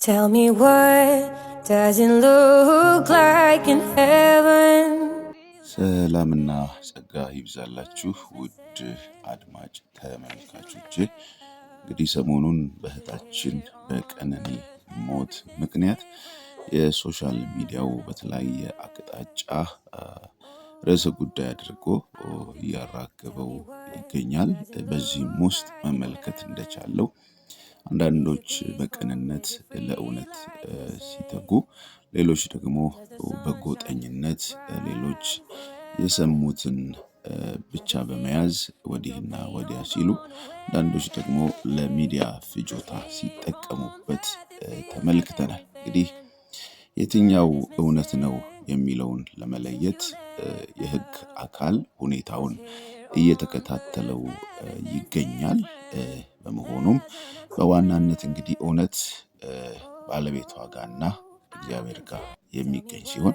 Tell me what doesn't look like in heaven. ሰላምና ጸጋ ይብዛላችሁ ውድ አድማጭ ተመልካቾች እንግዲህ ሰሞኑን በእህታችን በቀነኒ ሞት ምክንያት የሶሻል ሚዲያው በተለያየ አቅጣጫ ርዕሰ ጉዳይ አድርጎ እያራገበው ይገኛል። በዚህም ውስጥ መመልከት እንደቻለው አንዳንዶች በቅንነት ለእውነት ሲተጉ፣ ሌሎች ደግሞ በጎጠኝነት፣ ሌሎች የሰሙትን ብቻ በመያዝ ወዲህና ወዲያ ሲሉ፣ አንዳንዶች ደግሞ ለሚዲያ ፍጆታ ሲጠቀሙበት ተመልክተናል። እንግዲህ የትኛው እውነት ነው የሚለውን ለመለየት የህግ አካል ሁኔታውን እየተከታተለው ይገኛል። በመሆኑም በዋናነት እንግዲህ እውነት ባለቤቷ ጋርና እግዚአብሔር ጋር የሚገኝ ሲሆን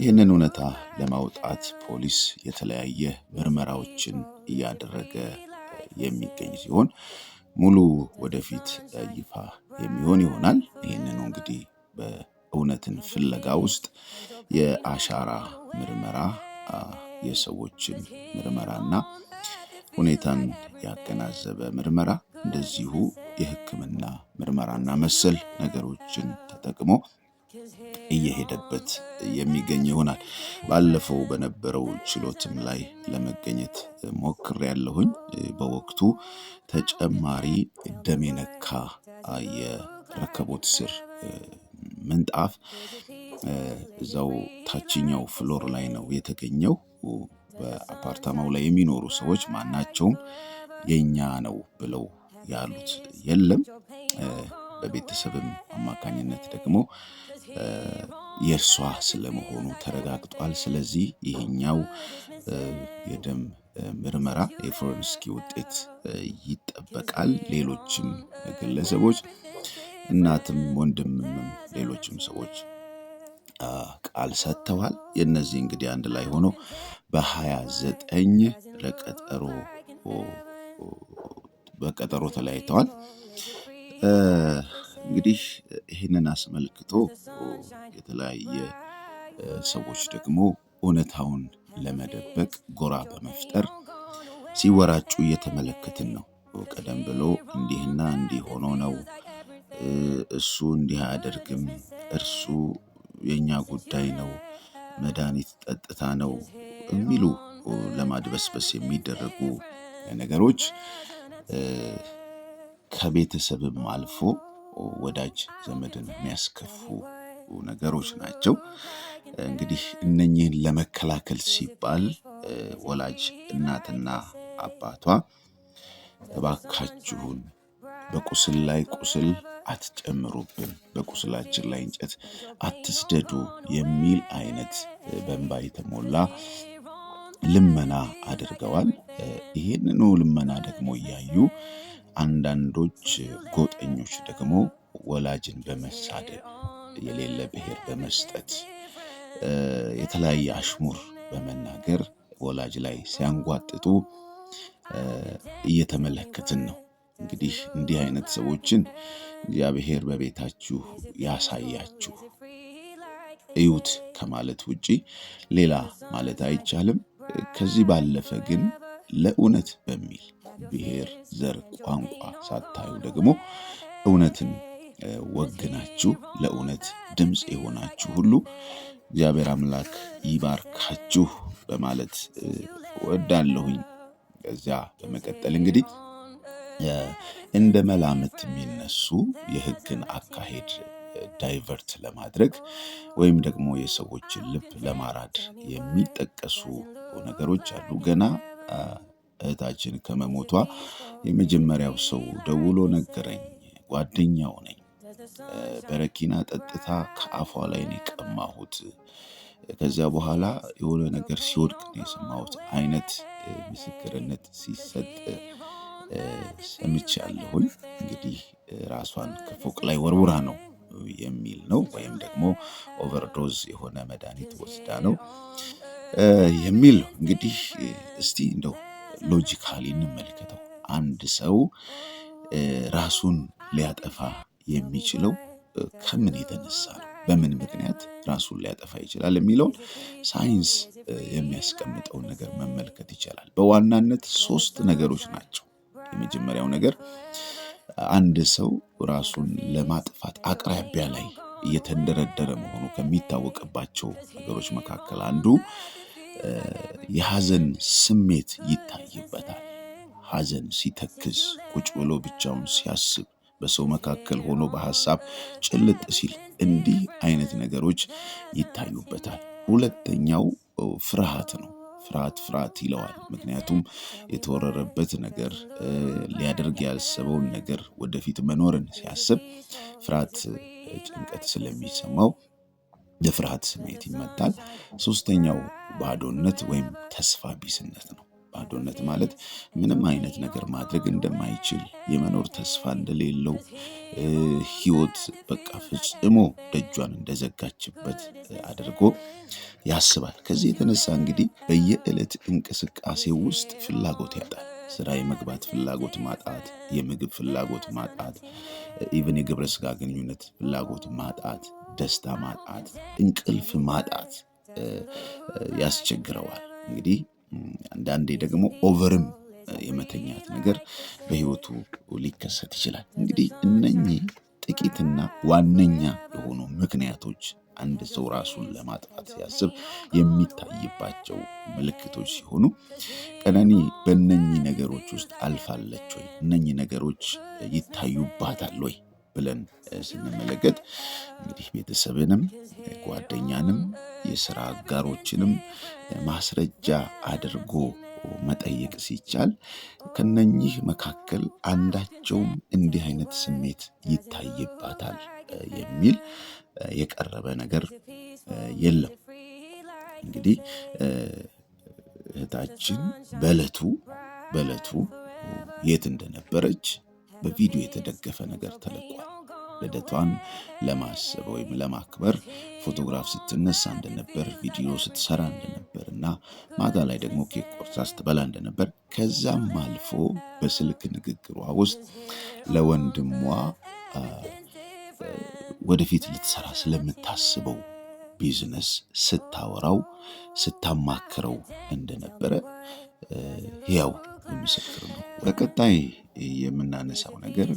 ይህንን እውነታ ለማውጣት ፖሊስ የተለያየ ምርመራዎችን እያደረገ የሚገኝ ሲሆን ሙሉ ወደፊት ይፋ የሚሆን ይሆናል። ይህንኑ እንግዲህ በእውነትን ፍለጋ ውስጥ የአሻራ ምርመራ የሰዎችን ምርመራና ሁኔታን ያገናዘበ ምርመራ እንደዚሁ የሕክምና ምርመራና መሰል ነገሮችን ተጠቅሞ እየሄደበት የሚገኝ ይሆናል። ባለፈው በነበረው ችሎትም ላይ ለመገኘት ሞክር ያለሁኝ በወቅቱ ተጨማሪ ደም የነካ የረከቦት ስር ምንጣፍ እዛው ታችኛው ፍሎር ላይ ነው የተገኘው። በአፓርታማው ላይ የሚኖሩ ሰዎች ማናቸውም የእኛ ነው ብለው ያሉት የለም። በቤተሰብም አማካኝነት ደግሞ የእርሷ ስለመሆኑ ተረጋግጧል። ስለዚህ ይህኛው የደም ምርመራ የፎረንስኪ ውጤት ይጠበቃል። ሌሎችም ግለሰቦች እናትም፣ ወንድምም ሌሎችም ሰዎች ቃል ሰጥተዋል። የእነዚህ እንግዲህ አንድ ላይ ሆኖ በሀያ ዘጠኝ ለቀጠሮ በቀጠሮ ተለያይተዋል። እንግዲህ ይህንን አስመልክቶ የተለያየ ሰዎች ደግሞ እውነታውን ለመደበቅ ጎራ በመፍጠር ሲወራጩ እየተመለከትን ነው። ቀደም ብሎ እንዲህና እንዲህ ሆኖ ነው እሱ እንዲህ አያደርግም፣ እርሱ የእኛ ጉዳይ ነው፣ መድኃኒት ጠጥታ ነው የሚሉ ለማድበስበስ የሚደረጉ ነገሮች ከቤተሰብም አልፎ ወዳጅ ዘመድን የሚያስከፉ ነገሮች ናቸው። እንግዲህ እነኚህን ለመከላከል ሲባል ወላጅ እናትና አባቷ እባካችሁን በቁስል ላይ ቁስል አትጨምሩብን፣ በቁስላችን ላይ እንጨት አትስደዱ የሚል አይነት በእንባ የተሞላ ልመና አድርገዋል። ይህንኑ ልመና ደግሞ እያዩ አንዳንዶች ጎጠኞች ደግሞ ወላጅን በመሳደብ የሌለ ብሔር በመስጠት የተለያየ አሽሙር በመናገር ወላጅ ላይ ሲያንጓጥጡ እየተመለከትን ነው። እንግዲህ እንዲህ አይነት ሰዎችን እግዚአብሔር በቤታችሁ ያሳያችሁ እዩት ከማለት ውጪ ሌላ ማለት አይቻልም። ከዚህ ባለፈ ግን ለእውነት በሚል ብሔር፣ ዘር፣ ቋንቋ ሳታዩ ደግሞ እውነትን ወግናችሁ ለእውነት ድምፅ የሆናችሁ ሁሉ እግዚአብሔር አምላክ ይባርካችሁ በማለት ወዳለሁኝ ከዚያ በመቀጠል እንግዲህ እንደ መላምት የሚነሱ የሕግን አካሄድ ዳይቨርት ለማድረግ ወይም ደግሞ የሰዎችን ልብ ለማራድ የሚጠቀሱ ነገሮች አሉ። ገና እህታችን ከመሞቷ የመጀመሪያው ሰው ደውሎ ነገረኝ። ጓደኛው ነኝ። በረኪና ጠጥታ ከአፏ ላይ ነው የቀማሁት። ከዚያ በኋላ የሆነ ነገር ሲወድቅ ነው የሰማሁት አይነት ምስክርነት ሲሰጥ ሰምቻለሁኝ። እንግዲህ ራሷን ከፎቅ ላይ ወርውራ ነው የሚል ነው። ወይም ደግሞ ኦቨርዶዝ የሆነ መድኃኒት ወስዳ ነው የሚል ነው። እንግዲህ እስቲ እንደው ሎጂካሊ እንመልከተው። አንድ ሰው ራሱን ሊያጠፋ የሚችለው ከምን የተነሳ ነው? በምን ምክንያት ራሱን ሊያጠፋ ይችላል የሚለውን ሳይንስ የሚያስቀምጠውን ነገር መመልከት ይቻላል። በዋናነት ሶስት ነገሮች ናቸው። የመጀመሪያው ነገር አንድ ሰው ራሱን ለማጥፋት አቅራቢያ ላይ እየተንደረደረ መሆኑ ከሚታወቅባቸው ነገሮች መካከል አንዱ የሐዘን ስሜት ይታይበታል። ሐዘን ሲተክዝ፣ ቁጭ ብሎ ብቻውን ሲያስብ፣ በሰው መካከል ሆኖ በሐሳብ ጭልጥ ሲል፣ እንዲህ አይነት ነገሮች ይታዩበታል። ሁለተኛው ፍርሃት ነው። ፍርሃት ፍርሃት ይለዋል። ምክንያቱም የተወረረበት ነገር ሊያደርግ ያሰበውን ነገር ወደፊት መኖርን ሲያስብ ፍርሃት፣ ጭንቀት ስለሚሰማው የፍርሃት ስሜት ይመጣል። ሶስተኛው ባዶነት ወይም ተስፋ ቢስነት ነው። ባዶነት ማለት ምንም አይነት ነገር ማድረግ እንደማይችል የመኖር ተስፋ እንደሌለው ህይወት በቃ ፍጽሞ ደጇን እንደዘጋችበት አድርጎ ያስባል። ከዚህ የተነሳ እንግዲህ በየዕለት እንቅስቃሴ ውስጥ ፍላጎት ያጣል። ስራ የመግባት ፍላጎት ማጣት፣ የምግብ ፍላጎት ማጣት፣ ኢቨን የግብረ ስጋ ግንኙነት ፍላጎት ማጣት፣ ደስታ ማጣት፣ እንቅልፍ ማጣት ያስቸግረዋል እንግዲህ አንዳንዴ ደግሞ ኦቨርም የመተኛት ነገር በህይወቱ ሊከሰት ይችላል። እንግዲህ እነኚህ ጥቂትና ዋነኛ የሆኑ ምክንያቶች አንድ ሰው ራሱን ለማጥፋት ሲያስብ የሚታይባቸው ምልክቶች ሲሆኑ ቀነኒ በእነኚህ ነገሮች ውስጥ አልፋለች ወይ? እነኚህ ነገሮች ይታዩባታል ወይ? ብለን ስንመለከት እንግዲህ ቤተሰብንም ጓደኛንም የስራ አጋሮችንም ማስረጃ አድርጎ መጠየቅ ሲቻል ከነኚህ መካከል አንዳቸውም እንዲህ አይነት ስሜት ይታይባታል የሚል የቀረበ ነገር የለም። እንግዲህ እህታችን በለቱ በለቱ የት እንደነበረች በቪዲዮ የተደገፈ ነገር ተለቋል። ልደቷን ለማሰብ ወይም ለማክበር ፎቶግራፍ ስትነሳ እንደነበር፣ ቪዲዮ ስትሰራ እንደነበር እና ማታ ላይ ደግሞ ኬክ ቆርሳ ስትበላ እንደነበር ከዛም አልፎ በስልክ ንግግሯ ውስጥ ለወንድሟ ወደፊት ልትሰራ ስለምታስበው ቢዝነስ ስታወራው ስታማክረው እንደነበረ ሕያው ምስክር ነው። በቀጣይ የምናነሳው ነገር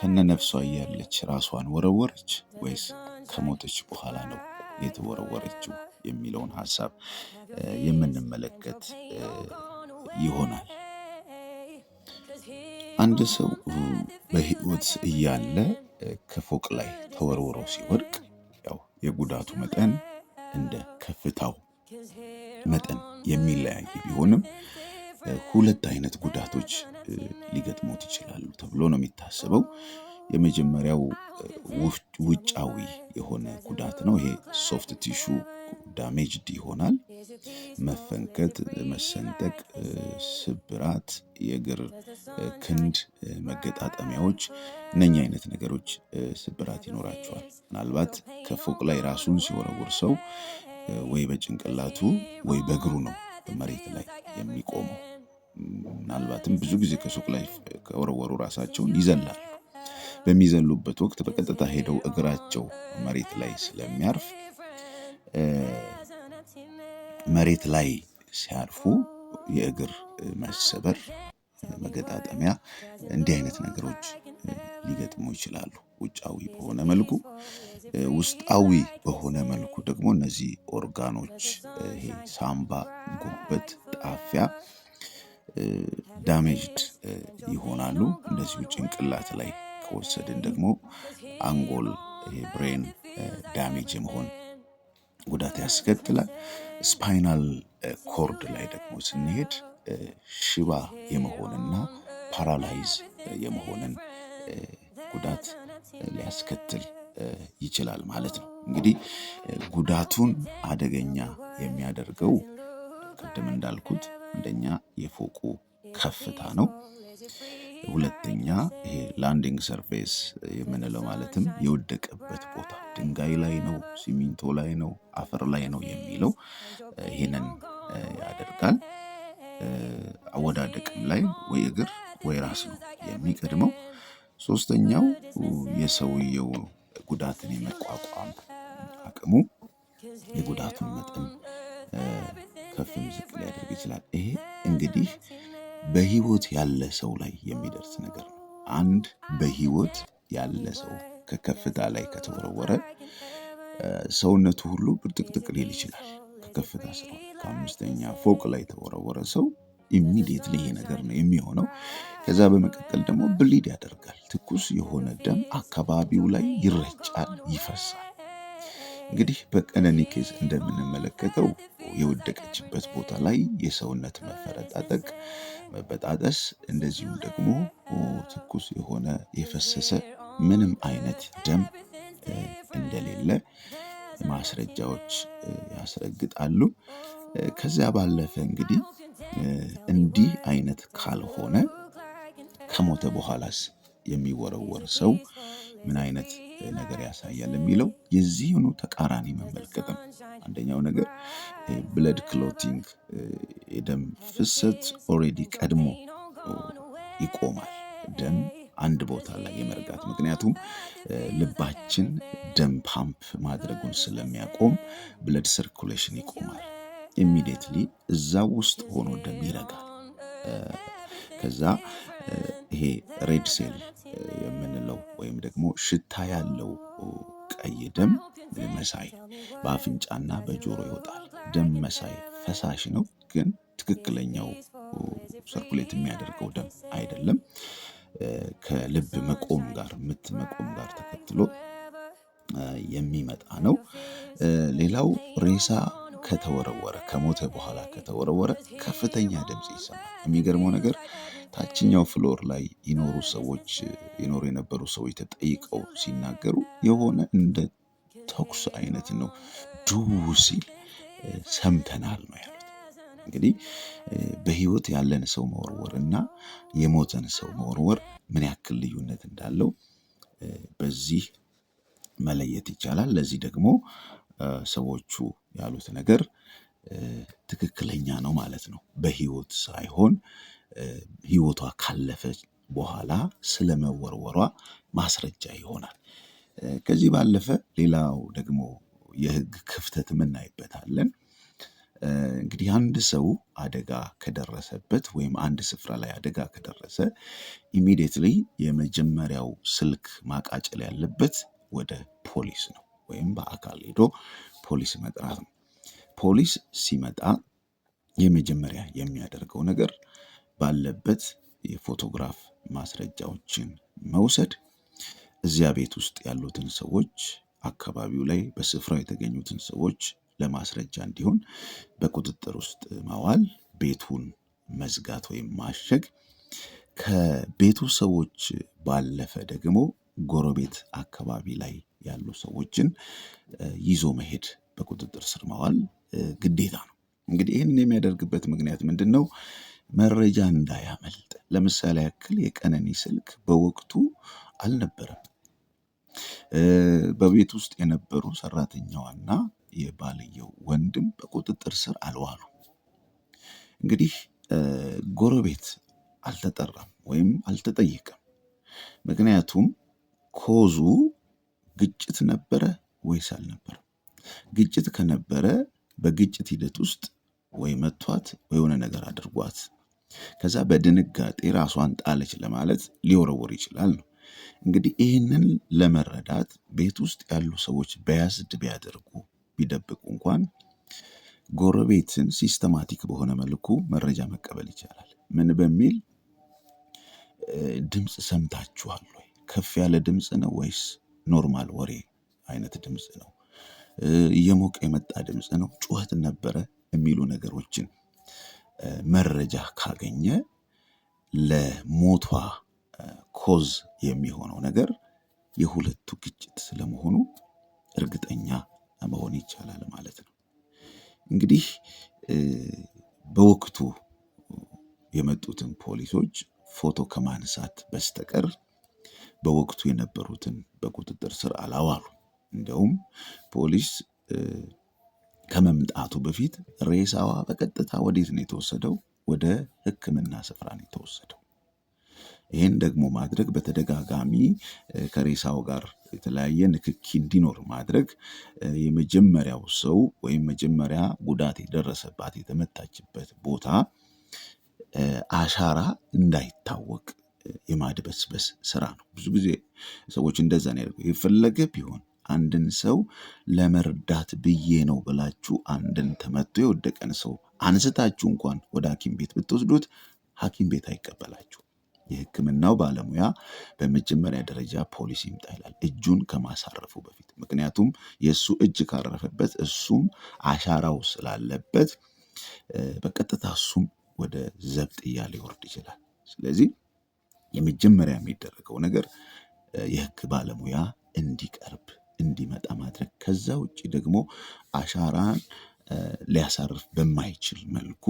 ከነነፍሷ እያለች ራሷን ወረወረች ወይስ ከሞተች በኋላ ነው የተወረወረችው የሚለውን ሀሳብ የምንመለከት ይሆናል። አንድ ሰው በህይወት እያለ ከፎቅ ላይ ተወርውሮ ሲወድቅ ያው የጉዳቱ መጠን እንደ ከፍታው መጠን የሚለያይ ቢሆንም ሁለት አይነት ጉዳቶች ሊገጥሞት ይችላሉ ተብሎ ነው የሚታሰበው። የመጀመሪያው ውጫዊ የሆነ ጉዳት ነው። ይሄ ሶፍት ቲሹ ዳሜጅድ ይሆናል። መፈንከት፣ መሰንጠቅ፣ ስብራት፣ የእግር ክንድ መገጣጠሚያዎች፣ እነኛ አይነት ነገሮች ስብራት ይኖራቸዋል። ምናልባት ከፎቅ ላይ ራሱን ሲወረውር ሰው ወይ በጭንቅላቱ ወይ በእግሩ ነው መሬት ላይ የሚቆመው። ምናልባትም ብዙ ጊዜ ከሱቅ ላይ ከወረወሩ ራሳቸውን ይዘላሉ። በሚዘሉበት ወቅት በቀጥታ ሄደው እግራቸው መሬት ላይ ስለሚያርፍ መሬት ላይ ሲያርፉ የእግር መሰበር፣ መገጣጠሚያ እንዲህ አይነት ነገሮች ሊገጥሙ ይችላሉ። ውጫዊ በሆነ መልኩ፣ ውስጣዊ በሆነ መልኩ ደግሞ እነዚህ ኦርጋኖች ይሄ ሳምባ፣ ጉበት፣ ጣፊያ ዳሜጅድ ይሆናሉ። እንደዚሁ ጭንቅላት ላይ ከወሰድን ደግሞ አንጎል ብሬን ዳሜጅ የመሆን ጉዳት ያስከትላል። ስፓይናል ኮርድ ላይ ደግሞ ስንሄድ ሽባ የመሆንና ፓራላይዝ የመሆንን ጉዳት ሊያስከትል ይችላል ማለት ነው። እንግዲህ ጉዳቱን አደገኛ የሚያደርገው ቅድም እንዳልኩት አንደኛ የፎቁ ከፍታ ነው። ሁለተኛ ይሄ ላንዲንግ ሰርፌስ የምንለው ማለትም የወደቀበት ቦታ ድንጋይ ላይ ነው፣ ሲሚንቶ ላይ ነው፣ አፈር ላይ ነው የሚለው ይህንን ያደርጋል። አወዳደቅም ላይ ወይ እግር ወይ ራስ ነው የሚቀድመው። ሶስተኛው የሰውየው ጉዳትን የመቋቋም አቅሙ የጉዳቱን መጠን ከፍም ዝቅ ሊያደርግ ይችላል። ይሄ እንግዲህ በህይወት ያለ ሰው ላይ የሚደርስ ነገር ነው። አንድ በህይወት ያለ ሰው ከከፍታ ላይ ከተወረወረ ሰውነቱ ሁሉ ብርጥቅጥቅ ሊል ይችላል። ከከፍታ ስራ ከአምስተኛ ፎቅ ላይ የተወረወረ ሰው ኢሚዲየትሊ ይሄ ነገር ነው የሚሆነው። ከዛ በመቀጠል ደግሞ ብሊድ ያደርጋል። ትኩስ የሆነ ደም አካባቢው ላይ ይረጫል፣ ይፈሳል። እንግዲህ በቀነኒ ኬዝ እንደምንመለከተው የወደቀችበት ቦታ ላይ የሰውነት መፈረጣጠቅ፣ መበጣጠስ እንደዚሁም ደግሞ ትኩስ የሆነ የፈሰሰ ምንም አይነት ደም እንደሌለ ማስረጃዎች ያስረግጣሉ። ከዚያ ባለፈ እንግዲህ እንዲህ አይነት ካልሆነ ከሞተ በኋላስ የሚወረወር ሰው ምን አይነት ነገር ያሳያል የሚለው የዚህኑ ተቃራኒ መመልከት ነው። አንደኛው ነገር ብለድ ክሎቲንግ የደም ፍሰት ኦሬዲ ቀድሞ ይቆማል። ደም አንድ ቦታ ላይ የመርጋት ምክንያቱም ልባችን ደም ፓምፕ ማድረጉን ስለሚያቆም ብለድ ሰርኩሌሽን ይቆማል። ኢሚዲየትሊ እዛ ውስጥ ሆኖ ደም ይረጋል። ከዛ ይሄ ሬድ ሴል የምንለው ወይም ደግሞ ሽታ ያለው ቀይ ደም መሳይ በአፍንጫና በጆሮ ይወጣል። ደም መሳይ ፈሳሽ ነው፣ ግን ትክክለኛው ሰርኩሌት የሚያደርገው ደም አይደለም። ከልብ መቆም ጋር ምት መቆም ጋር ተከትሎ የሚመጣ ነው። ሌላው ሬሳ ከተወረወረ ከሞተ በኋላ ከተወረወረ ከፍተኛ ድምፅ ይሰማል። የሚገርመው ነገር ታችኛው ፍሎር ላይ ይኖሩ ሰዎች ይኖሩ የነበሩ ሰዎች ተጠይቀው ሲናገሩ የሆነ እንደ ተኩስ አይነት ነው ዱ ሲል ሰምተናል ነው ያሉት። እንግዲህ በህይወት ያለን ሰው መወርወር እና የሞተን ሰው መወርወር ምን ያክል ልዩነት እንዳለው በዚህ መለየት ይቻላል። ለዚህ ደግሞ ሰዎቹ ያሉት ነገር ትክክለኛ ነው ማለት ነው። በህይወት ሳይሆን ህይወቷ ካለፈ በኋላ ስለመወርወሯ ማስረጃ ይሆናል። ከዚህ ባለፈ ሌላው ደግሞ የህግ ክፍተት የምናይበታለን። እንግዲህ አንድ ሰው አደጋ ከደረሰበት ወይም አንድ ስፍራ ላይ አደጋ ከደረሰ ኢሚዲየትሊ የመጀመሪያው ስልክ ማቃጨል ያለበት ወደ ፖሊስ ነው ወይም በአካል ሄዶ ፖሊስ መጥራት ነው። ፖሊስ ሲመጣ የመጀመሪያ የሚያደርገው ነገር ባለበት የፎቶግራፍ ማስረጃዎችን መውሰድ፣ እዚያ ቤት ውስጥ ያሉትን ሰዎች፣ አካባቢው ላይ በስፍራው የተገኙትን ሰዎች ለማስረጃ እንዲሆን በቁጥጥር ውስጥ ማዋል፣ ቤቱን መዝጋት ወይም ማሸግ ከቤቱ ሰዎች ባለፈ ደግሞ ጎረቤት አካባቢ ላይ ያሉ ሰዎችን ይዞ መሄድ በቁጥጥር ስር መዋል ግዴታ ነው። እንግዲህ ይህን የሚያደርግበት ምክንያት ምንድን ነው? መረጃ እንዳያመልጥ። ለምሳሌ ያክል የቀነኒ ስልክ በወቅቱ አልነበረም። በቤት ውስጥ የነበሩ ሰራተኛዋና የባልየው ወንድም በቁጥጥር ስር አልዋሉ። እንግዲህ ጎረቤት አልተጠራም ወይም አልተጠየቀም። ምክንያቱም ኮዙ ግጭት ነበረ ወይስ አልነበረ ግጭት ከነበረ በግጭት ሂደት ውስጥ ወይ መቷት ወይ የሆነ ነገር አድርጓት ከዛ በድንጋጤ ራሷን ጣለች ለማለት ሊወረወር ይችላል ነው። እንግዲህ ይህንን ለመረዳት ቤት ውስጥ ያሉ ሰዎች በያዝድ ቢያደርጉ ቢደብቁ እንኳን ጎረቤትን ሲስተማቲክ በሆነ መልኩ መረጃ መቀበል ይቻላል። ምን በሚል ድምፅ ሰምታችኋል ከፍ ያለ ድምፅ ነው ወይስ ኖርማል ወሬ አይነት ድምፅ ነው? እየሞቀ የመጣ ድምፅ ነው? ጩኸት ነበረ? የሚሉ ነገሮችን መረጃ ካገኘ ለሞቷ ኮዝ የሚሆነው ነገር የሁለቱ ግጭት ስለመሆኑ እርግጠኛ መሆን ይቻላል ማለት ነው። እንግዲህ በወቅቱ የመጡትን ፖሊሶች ፎቶ ከማንሳት በስተቀር በወቅቱ የነበሩትን በቁጥጥር ስር አላዋሉ። እንደውም ፖሊስ ከመምጣቱ በፊት ሬሳዋ በቀጥታ ወዴት ነው የተወሰደው? ወደ ሕክምና ስፍራ ነው የተወሰደው። ይህን ደግሞ ማድረግ በተደጋጋሚ ከሬሳው ጋር የተለያየ ንክኪ እንዲኖር ማድረግ የመጀመሪያው ሰው ወይም መጀመሪያ ጉዳት የደረሰባት የተመታችበት ቦታ አሻራ እንዳይታወቅ የማድበስበስ ስራ ነው። ብዙ ጊዜ ሰዎች እንደዛ ነው ያደርገው። የፈለገ ቢሆን አንድን ሰው ለመርዳት ብዬ ነው ብላችሁ አንድን ተመቶ የወደቀን ሰው አንስታችሁ እንኳን ወደ ሐኪም ቤት ብትወስዱት ሐኪም ቤት አይቀበላችሁ። የህክምናው ባለሙያ በመጀመሪያ ደረጃ ፖሊስ ይምጣ ይላል፣ እጁን ከማሳረፉ በፊት። ምክንያቱም የእሱ እጅ ካረፈበት እሱም አሻራው ስላለበት በቀጥታ እሱም ወደ ዘብጥያ ሊወርድ ይችላል። ስለዚህ የመጀመሪያ የሚደረገው ነገር የህግ ባለሙያ እንዲቀርብ እንዲመጣ ማድረግ። ከዛ ውጭ ደግሞ አሻራን ሊያሳርፍ በማይችል መልኩ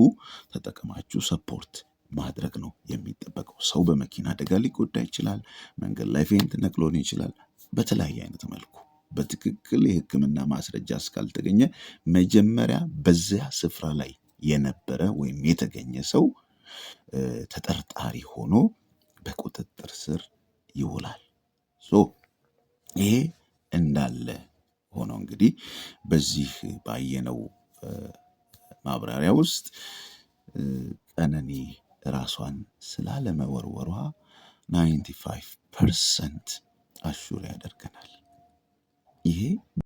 ተጠቅማችሁ ሰፖርት ማድረግ ነው የሚጠበቀው። ሰው በመኪና አደጋ ሊጎዳ ይችላል። መንገድ ላይ ፌንት ነቅሎን ይችላል። በተለያየ አይነት መልኩ በትክክል የህክምና ማስረጃ እስካልተገኘ መጀመሪያ በዚያ ስፍራ ላይ የነበረ ወይም የተገኘ ሰው ተጠርጣሪ ሆኖ በቁጥጥር ስር ይውላል። ሶ ይሄ እንዳለ ሆኖ እንግዲህ በዚህ ባየነው ማብራሪያ ውስጥ ቀነኒ ራሷን ስላለመወርወሯ ናይንቲ ፐርሰንት አሹር ያደርገናል ይሄ